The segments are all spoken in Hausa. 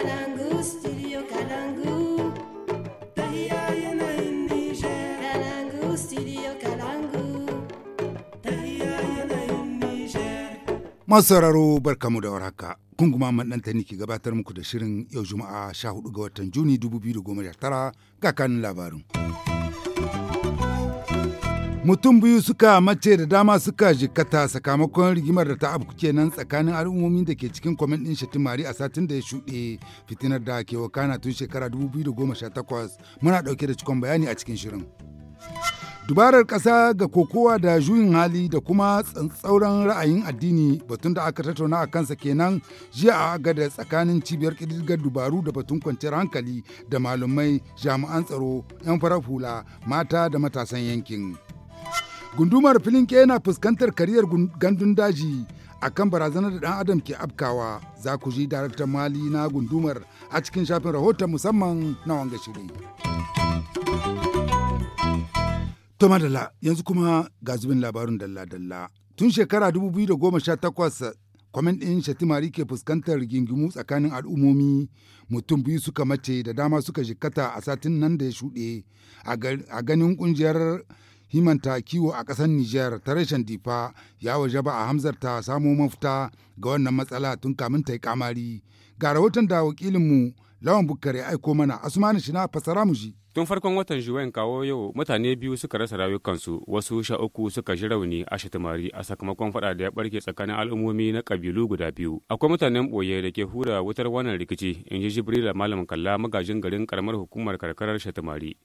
Kalangu, studio Kalangu. Tahiya da warhaka. Kunguma maɗanta ne ke gabatar muku da shirin yau Juma'a 14 ga watan Juni 2019 ga kanin labarin. Mm -hmm. mutum biyu suka mace da dama suka jikkata sakamakon rigimar da ta abu kenan tsakanin al'ummomin da ke cikin kwamin ɗin shatimari a satin da ya shuɗe fitinar da ke wakana tun shekara 2018 muna ɗauke da cikon bayani a cikin shirin dubarar ƙasa ga kokowa da juyin hali da kuma tsauran ra'ayin addini batun da aka tattauna a kansa kenan jiya a agada tsakanin cibiyar ƙididdigar dubaru da batun kwanciyar hankali da malumai jami'an tsaro 'yan farar hula mata da matasan yankin. Gundumar filin na fuskantar kariyar gandun daji a kan barazanar da dan adam ke afkawa za ku ji daraktan mali na gundumar a cikin shafin rahoton musamman na wanga shiri. To madalla yanzu kuma ga zubin labarin dalla-dalla. Tun shekara 2018 kwamin ɗin Shatimari ke fuskantar rigingimu tsakanin al'ummomi mutum biyu suka mace da dama suka jikata a satin nan da ya shuɗe a ganin ƙungiyar himanta kiwo a ƙasar Nijar ta rashin difa ya waje ba a hamzarta samo mafita ga wannan matsala tun kamin ta yi kamari. Ga rahoton da wakilinmu Lawan Bukkar ya aiko mana shi na fassara mu shi. Tun farkon watan Juwen kawo yau mutane biyu suka rasa rayukansu wasu sha uku suka ji rauni a shatamari a sakamakon fada da ya barke tsakanin al'ummomi na kabilu guda biyu. Akwai mutanen boye da ke hura wutar wannan rikici in ji Jibrila Malam Kalla magajin garin karamar hukumar karkarar shatamari.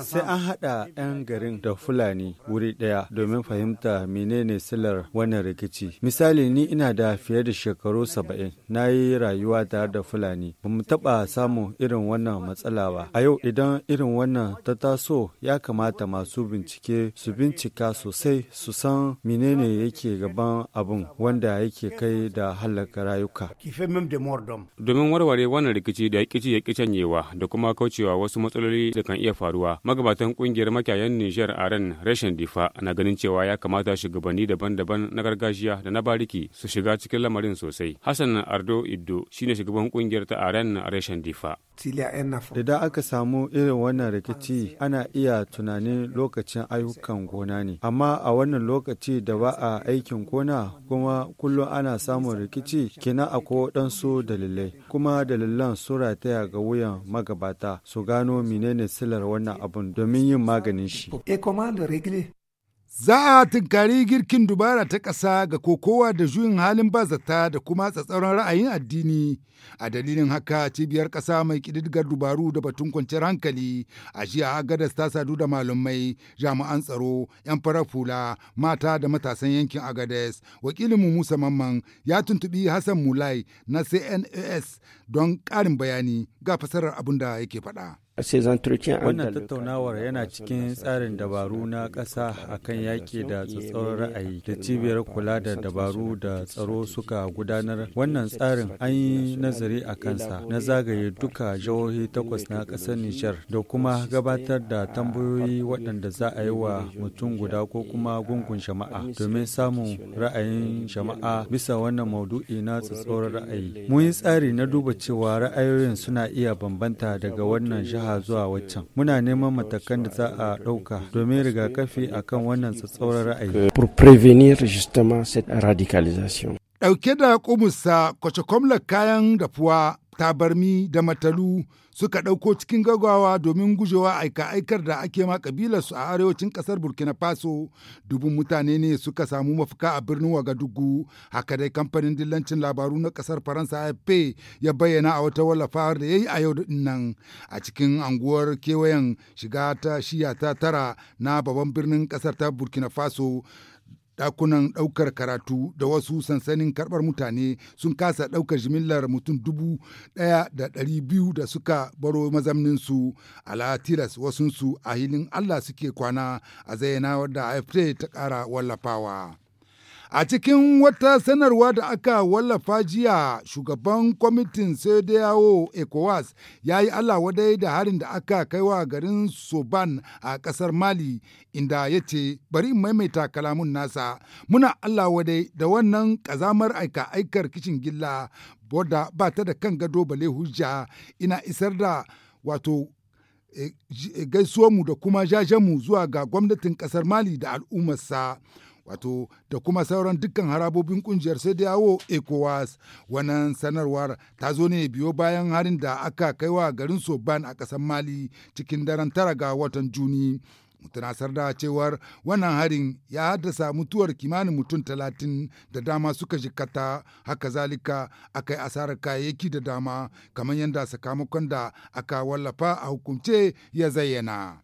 Sai an haɗa 'yan garin da Fulani wuri ɗaya domin fahimta menene silar wannan rikici. Misali ni ina da fiye da shekaru saba'in na yi rayuwa tare da Fulani. Ba mu taɓa samun irin wannan matsala ba. A yau idan irin wannan ta taso ya kamata masu bincike su bincika sosai su san menene yake gaban abin wanda yake kai da halaka rayuka. Domin warware wannan rikici da ya yaƙi canyewa da kuma kaucewa wasu matsaloli da kan iya faruwa magabatan ƙungiyar makiyayan Nijar a ran rashin difa na ganin cewa ya kamata shugabanni daban-daban na gargajiya da na bariki su shiga cikin lamarin sosai. Hassan Ardo Iddo shine shugaban ƙungiyar ta a ran rashin difa. Da aka samu irin irin wannan rikici ana iya tunanin lokacin ayyukan gona ne amma a wannan lokaci da ba a aikin gona kuma kullum ana samun rikici kina akwai waɗansu dalilai kuma dalilan su rataya ga wuyan magabata su gano menene silar wannan abun domin yin maganin shi Za a tunkari girkin dubara ta ƙasa ga kokowa da juyin halin ba bazata da kuma tsatsauran ra'ayin addini. A dalilin haka cibiyar ƙasa mai ƙididdigar dubaru da batun kwanciyar hankali a jiya agadas ta sadu da malamai, jami'an tsaro, 'yan farar fula, mata da matasan yankin agadas. mu Musa Mamman ya tuntuɓi Hassan Mulai na CNAS don ƙarin bayani ga fasarar abin da yake faɗa. Wannan tattaunawar yana cikin tsarin dabaru na ƙasa akan kan yaƙi da tsatsauran ra'ayi da cibiyar kula da dabaru da tsaro suka gudanar. Wannan tsarin an yi nazari a kansa na zagaye duka jihohi takwas na ƙasar Nijar da kuma gabatar da tambayoyi waɗanda za a yi wa mutum guda ko kuma gungun jama'a domin samun ra'ayin jama'a bisa wannan maudu'i na tsatsauran ra'ayi. Mun yi tsari na duba cewa ra'ayoyin suna iya bambanta daga wannan jihar jiha zuwa waccan muna neman matakan da za a ɗauka domin rigakafi akan wannan tsatsauran ra'ayi pour prévenir justement cette radicalisation ɗauke da kumusa kwace kayan dafuwa tabarmi da matalu suka ɗauko cikin gagawa domin gujewa aika-aikar da ake ma kabilarsu a arewacin ƙasar burkina faso dubun mutane ne suka samu mafaka a birnin wagadugu haka dai kamfanin dillancin labaru na ƙasar faransa afp ya bayyana a wata wallafawar da ya yi a yau nan a cikin anguwar kewayen shiga ta shiya ta tara na babban birnin ƙasar ta burkina faso dakunan daukar karatu da wasu sansanin karbar mutane sun kasa ɗaukar jimillar mutum dubu daya da dari biyu da suka baro mazamninsu a latiras wasunsu a hilin allah suke kwana a zayyana da afd ta kara wallafawa. A cikin wata sanarwa da aka wallafa jiya shugaban kwamitin sedeo ECOWAS ya yi Allah wadai da harin da aka kaiwa garin Soban a ƙasar Mali inda ya ce bari in maimaita kalamun nasa muna Allah wadai da wannan ƙazamar aika aikar kicin gilla wadda ba ta da kan gado bale hujja ina isar da wato eh, eh, gaisuwarmu da kuma jajenmu zuwa ga gwamnatin ƙasar Mali da al'ummarsa. wato da kuma sauran dukkan harabobin kungiyar sai da yawo ecowas wannan sanarwar ta zo ne biyo bayan harin da aka kaiwa garin soban a ƙasar mali cikin daren tara ga watan juni tunasar da cewar wannan harin ya haddasa mutuwar kimanin mutum talatin da dama suka jikata haka zalika aka yi asarar kayayyaki da dama kamar yadda sakamakon da aka wallafa a hukumce ya zayyana.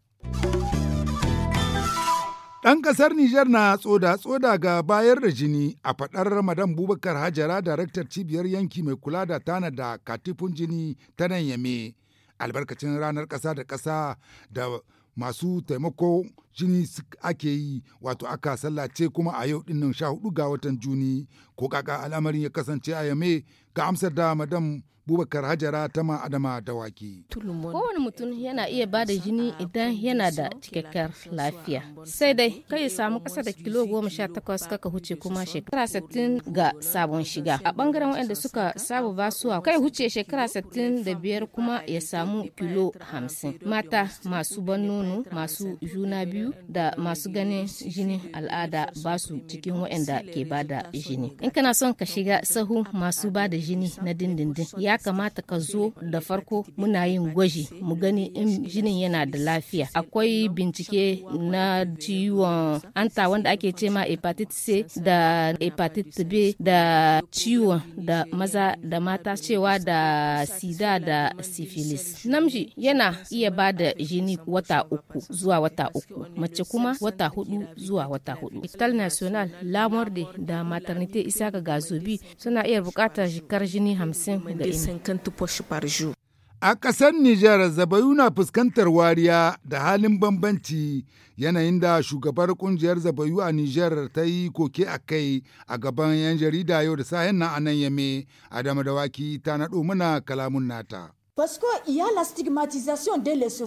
Ɗan kasar Nijar na tsoda-tsoda ga bayar da jini a faɗar ramadan Bubakar Hajara daraktar cibiyar yanki mai kula da tana da katifin jini ta nan yame albarkacin ranar kasa da kasa da masu taimako jini ake yi wato aka sallace kuma a yau dinnan sha hudu ga watan Juni ko kaka al'amarin ya kasance a yame ga amsar da Madam Bubakar Hajara ta Adama Dawaki. Kowane mutum yana iya ba da jini idan yana da cikakkiyar lafiya. Sai dai kai ya samu kasa da kilo goma sha takwas kaka huce kuma shekara sittin ga sabon shiga. A bangaren wanda suka saba basuwa kai huce shekara sittin da biyar kuma ya samu kilo hamsin. Mata masu ban nono, masu juna biyu da masu ganin jini al'ada ba su cikin wanda ke ba da jini. In kana son ka shiga sahu masu ba da jini na dindindin ya kamata ka zo da farko muna yin gwaji mu gani in jinin yana da lafiya akwai bincike na ciwon anta wanda ake ce ma hepatitis C da hepatitis B da ciwon da maza da mata cewa da sida da syphilis namji yana iya ba da jini wata uku zuwa wata uku mace kuma wata hudu zuwa wata hudu hospital national lamorde da maternité isaka gazobi suna iya bukatar shikar jini hamsin ga ina 50 A ƙasar Nijar, Zabayu na fuskantar wariya da halin bambanci yanayin da shugabar kungiyar Zabayu a Nijar ta yi koke a kai a gaban 'yan jarida yau da sahen nan a nan yame, Adama Dawaki ta naɗo mana kalamun nata.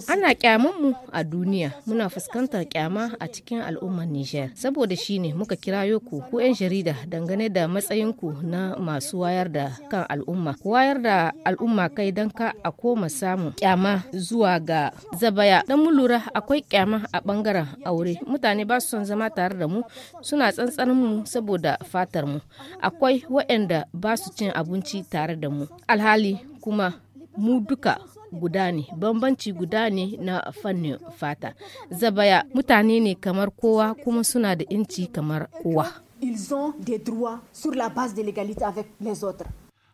Ana kyamun mu a duniya muna fuskantar kyama a cikin al'ummar Nijar. Saboda shi ne muka kirayo ku ko 'yan jarida dangane da matsayinku na masu wayar da kan al'umma. wayar da al'umma kai don ka a koma samun kyama zuwa ga zabaya. Don mu lura akwai kyama a bangaren aure. Mutane ba su son zama tare da mu suna tsantsanin mu saboda fatar mu. Akwai waɗanda ba su cin abinci tare da mu. Alhali kuma mu duka guda ne bambanci guda ne na fannin fata zabaya mutane ne kamar kowa kuma suna da inci kamar kowa ils des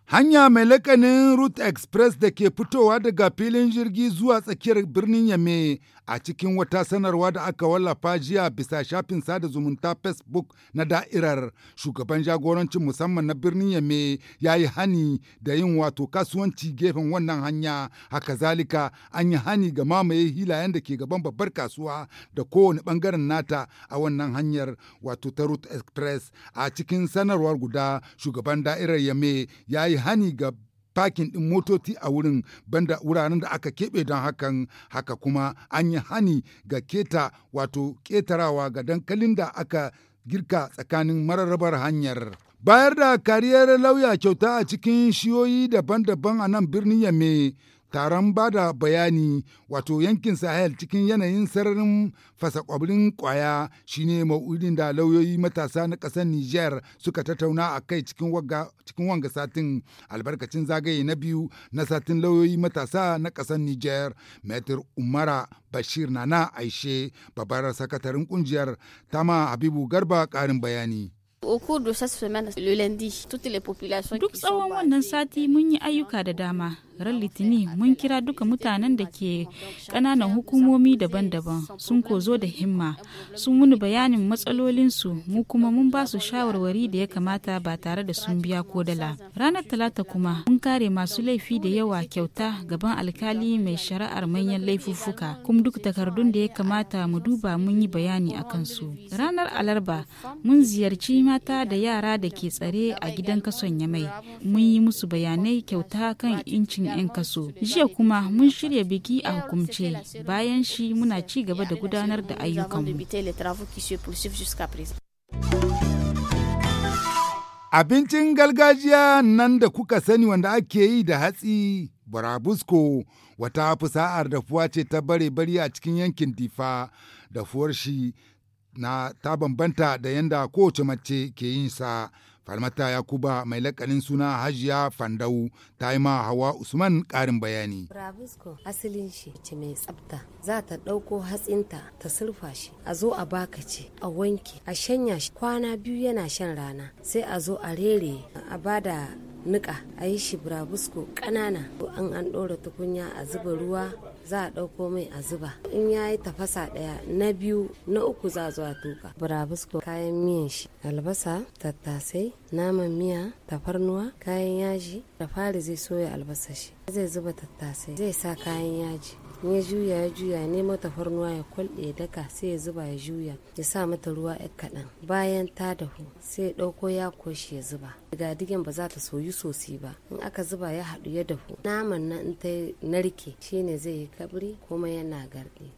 Hanya mai lakanin Route Express da ke fitowa daga filin jirgi zuwa tsakiyar birnin Yame a cikin wata sanarwa da aka wallafa jiya bisa shafin sada zumunta facebook na da'irar shugaban jagorancin musamman na birnin yame ya yi hani da yin wato kasuwanci gefen wannan hanya haka zalika an yi hani ga mamaye hilayen da ke gaban babbar kasuwa da kowane bangaren nata a wannan hanyar wato ta Root express a cikin sanarwar guda shugaban da'irar yame ya yi hani ga fakin ɗin motoci a wurin banda wuraren da aka keɓe don hakan haka kuma an yi hani ga keta wato ƙetarawa ga dankalin da aka girka tsakanin mararrabar hanyar. Bayar da kariyar lauya kyauta a cikin shiyoyi daban-daban a nan birnin Yamme taron ba da bayani wato yankin sahel cikin yanayin sararin fasa kwabrin kwaya shine ma'udin da lauyoyi matasa na ƙasar niger suka tattauna a kai cikin wanga satin albarkacin zagaye na biyu na satin lauyoyi matasa na ƙasar niger metr umara bashir nana aishe babbar sakatarin kungiyar tama habibu garba ƙarin bayani Duk tsawon wannan sati mun yi ayyuka da dama. Ran Litinin mun kira duka mutanen da ke ƙananan hukumomi daban-daban sun kozo da himma sun wuni bayanin matsalolinsu mu kuma mun ba su shawarwari da ya kamata ba tare da sun biya ko dala. Ranar Talata kuma mun kare masu laifi da yawa kyauta gaban alkali mai shari'ar manyan laifuffuka kuma duk takardun da ya kamata mu duba mun yi bayani a kansu. Ranar Alarba mun ziyarci mata da yara da ke tsare a gidan kason Yamai. Mun yi musu bayanai kyauta kan incin 'yan kaso. Jiya kuma mun shirya biki a hukumce. Bayan shi muna ci gaba da gudanar da ayyukanmu. Abincin gargajiya nan da kuka sani wanda ake yi da hatsi burabusko wata fusa'ar dafuwa ce ta bare bari a cikin yankin difa dafuwar shi na ta bambanta da yanda kowace mace ke yin sa farmata yakuba mai lakanin suna hajiya fandau ta yi ma hawa usman karin bayani brabusko asalin shi ce mai tsafta za ta ɗauko hatsinta ta surfa shi a zo a baka ce a wanke a shanya shi kwana biyu yana shan rana sai a zo a rere a bada niƙa a yi shi burabusko ƙanana an an ɗora tukunya a zuba ruwa za a ɗauko mai a zuba in ya yi tafasa ɗaya na biyu na uku za a zuwa tuka burabusko kayan miyan shi albasa tattasai naman miya tafarnuwa kayan yaji da fari zai soya albasa shi zai zuba tattasai zai sa kayan yaji ya juya ya juya mata tafarnuwa ya kwalɗe ya daka sai ya zuba ya juya ya sa mata ruwa ya kaɗan bayan ta dahu sai ya ɗauko ya koshi ya zuba digadigen ba za ta soyu sosai ba in aka zuba ya haɗu ya dahu naman nan in ta narke shine zai yi kabri kuma yana garɗe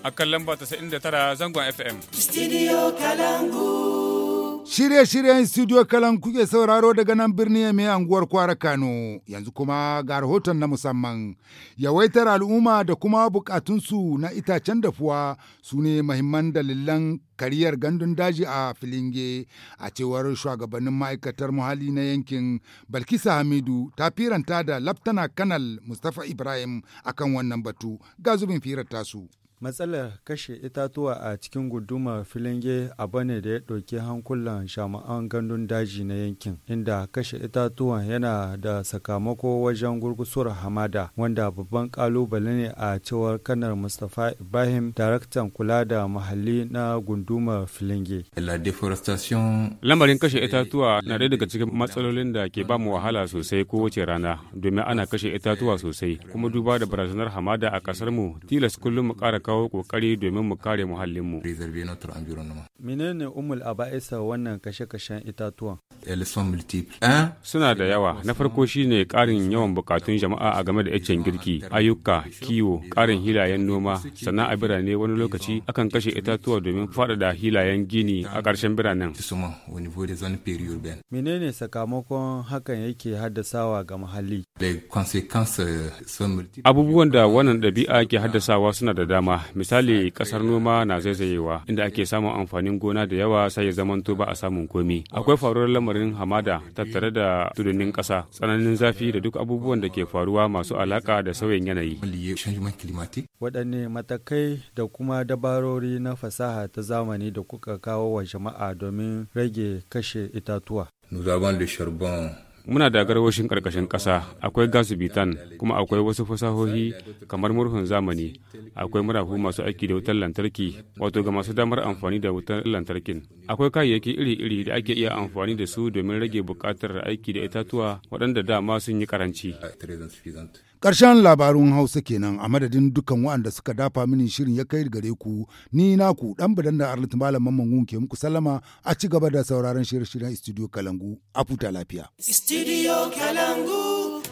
a kan lamba 99 zangon FM. Studio Kalangu. Shirye-shiryen Studio Kalangu kuke sauraro daga nan birni mai anguwar kwara Kano, yanzu kuma ga rahoton na musamman. Yawaitar al'umma da kuma bukatunsu na itacen dafuwa su ne mahimman dalilan kariyar gandun daji a filinge a cewar shugabannin ma'aikatar muhalli na yankin balkisa hamidu ta firanta da laftana kanal mustapha ibrahim akan wannan batu ga zubin firar tasu Matsalar kashe itatuwa a cikin gudumar filinge a ne da ya ɗauki hankulan shama'an gandun daji na yankin, inda kashe itatuwa yana da sakamako wajen gurgusuwar hamada, wanda babban kalubale ne a cewar kanar Mustapha Ibrahim, daraktan kula da muhalli na gundumar filinge. Lamarin kashe itatuwa na ɗaya daga cikin matsalolin da ke ba mu wahala sosai kowace rana, domin ana kashe itatuwa sosai, kuma duba da barazanar hamada a mu tilas kullum mu ƙara kawo kokari domin mu kare muhallinmu. Menene umul aba'isa wannan kashe-kashen itatuwan? Suna da yawa, na farko shine ƙarin yawan bukatun jama'a a game da iccen girki, ayyuka, kiwo, ƙarin hilayen noma, sannan a birane wani lokaci akan kashe itatuwa domin faɗaɗa hilayen gini a ƙarshen biranen. Menene sakamakon hakan yake haddasawa ga muhalli? Euh, Abubuwan da wannan ɗabi'a ke haddasawa suna da dama, misali ƙasar noma na zaizayewa, inda ake samun amfanin gona da yawa sai ya zamanto ba a samun komi. Akwai faruwar lamarin al'amarin hamada tattare da tudunin ƙasa tsananin zafi da duk abubuwan da ke faruwa masu alaƙa da sauyin yanayi waɗanne matakai da kuma dabarori na fasaha ta zamani da kuka kawo wa jama'a domin rage kashe itatuwa Nous avons le charbon muna da garwashin ƙarƙashin ƙasa akwai gasubitan kuma akwai wasu fasahohi kamar murhun zamani akwai murafu masu aiki da wutar lantarki wato ga masu damar amfani da wutar lantarkin akwai kayayyaki iri-iri da ake iya amfani da su domin rage bukatar aiki da itatuwa waɗanda dama sun yi karanci Ƙarshen labarun Hausa kenan a madadin dukkan waɗanda suka dafa mini shirin ya kai gare ku ni na ku dan bidan da Arlit Malam Mamman ke muku sallama a ci gaba da sauraron shirye-shiryen Studio Kalangu a futa lafiya. Studio Kalangu.